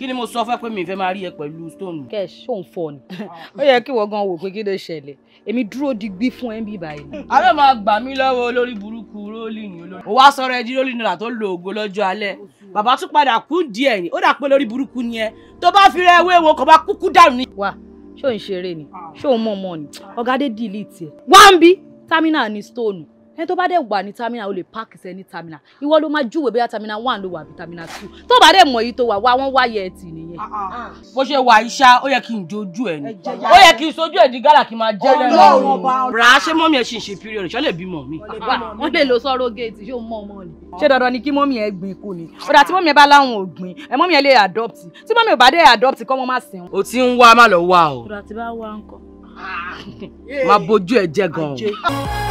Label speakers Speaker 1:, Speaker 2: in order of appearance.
Speaker 1: kí ni mo sọ fẹ́ pé mi fẹ́ máa rí ẹ pẹ̀lú stone. kẹ́ẹ̀ṣ òun fọ ni ó yẹ kí wọ́n gan wò pé kí ló ṣẹlẹ̀ èmi dúró digbí fún ẹ ń bí báyìí. abẹ́ máa gbà mí lọ́wọ́ olórí burúkú rolling olórí. ó wá sọ̀rọ̀ rolling náírà tó lo ògo lọ́jọ́ alẹ́ bàbá tún padà kú díẹ̀ ni ó dà pé lórí burúkú ni ẹ tó bá fi rẹ ewé wọn kò bá kúkú dànù ni. wà ṣé òun ṣeré ni ah. ṣé òun mọ̀ mọ́ ni ọ̀gá dé dìlì tiẹ̀ wá ń bí támínà ni stone ẹni tó bá dẹ̀ wà ní terminal o lè park sí ẹni tamina. ìwọ ló máa júwèé bóyá terminal one ló wà àbí terminal two tó bá dẹ̀ mọ̀ èyí tó wà wá wọ́n wáyẹ̀ ẹ̀tì nìyẹn. Ah, ah. Ah. bó ṣe wà iṣá ó yẹ kí n dojú ẹ ni ó yẹ kí n sojú ẹ di gálà kí n máa jẹ́ lẹ́nu. rà á ṣé mọ́mí ẹ ṣì ń ṣe period ṣọ́ lè bímọ mi. wọ́n lè lo surrogate ṣé o mọ ọmọ ni. ṣé dandan ni kí mọ́mí ẹ gbìn kù ni ọ̀dà tí mọ́mí ẹ bá láwọn ò gbìn ẹ mọ́mí ẹ lè adopt tí mọ́mí ò bá dẹ̀ adopt kọ́ mọ́ má sẹ́wọ̀n. o ti ń wá má lọ wá o. ọ̀dà tí bá wá ń kọ́. máa bójú ẹ jẹ gan